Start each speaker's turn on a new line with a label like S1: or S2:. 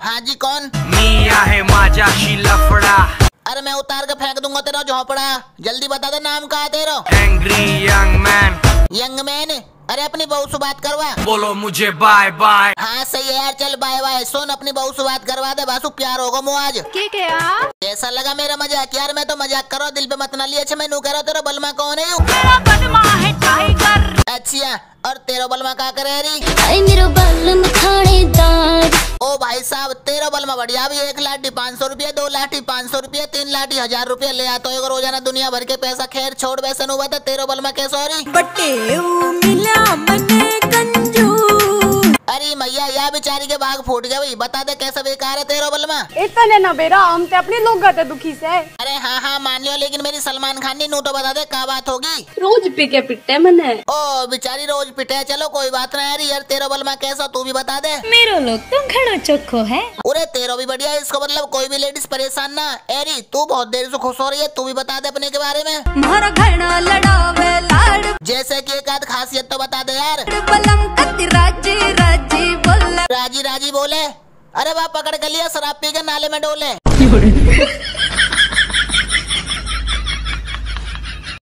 S1: हाँ जी कौन मिया है माजा शी लफड़ा अरे मैं उतार के फेंक दूंगा तेरा झोपड़ा जल्दी बता दे नाम कहा तेरा angry young man young man अरे अपनी बहू से बात करवा बोलो मुझे बाय बाय हाँ सही है यार चल बाय बाय सुन अपनी बहू से बात करवा दे बासु प्यार होगा मुँह आज ठीक है यार कैसा लगा मेरा मजाक यार मैं तो मजाक करो दिल पे मत ना लिया अच्छा मैं नू कह रहा तेरा बलमा कौन है अच्छा और तेरा बलमा कहा करे मेरा बलम तेरह बल में बढ़िया अभी एक लाठी पाँच सौ रुपया दो लाठी पाँच सौ रुपया तीन लाठी हजार रुपया ले आते हो रोजाना दुनिया भर के पैसा खैर छोड़ वैसे हुआ था तेरह बल में कैसे हो मिला क्या बेचारी के भाग फूट गया भाई बता दे कैसा बेकार है तेरा बलमा इतने ना बेरा हम तो अपने लोग गए दुखी से अरे हाँ हाँ मान लियो लेकिन मेरी सलमान खान ने नूटो तो बता दे क्या बात होगी रोज पिटे पिटे मैंने ओ बेचारी रोज पिटे चलो कोई बात ना यार यार तेरा बलमा कैसा तू भी बता दे मेरो लोग तो घना चोखो है अरे तेरा भी बढ़िया इसको मतलब कोई भी लेडीज परेशान ना एरी तू बहुत देर से खुश हो रही है तू भी बता दे अपने के बारे में मारा घना लड़ावे लाड़ जैसे की एक आध खासियत तो बता दे यार राजी राजी बोले अरे वह पकड़ कर लिया शराब पी के नाले में डोले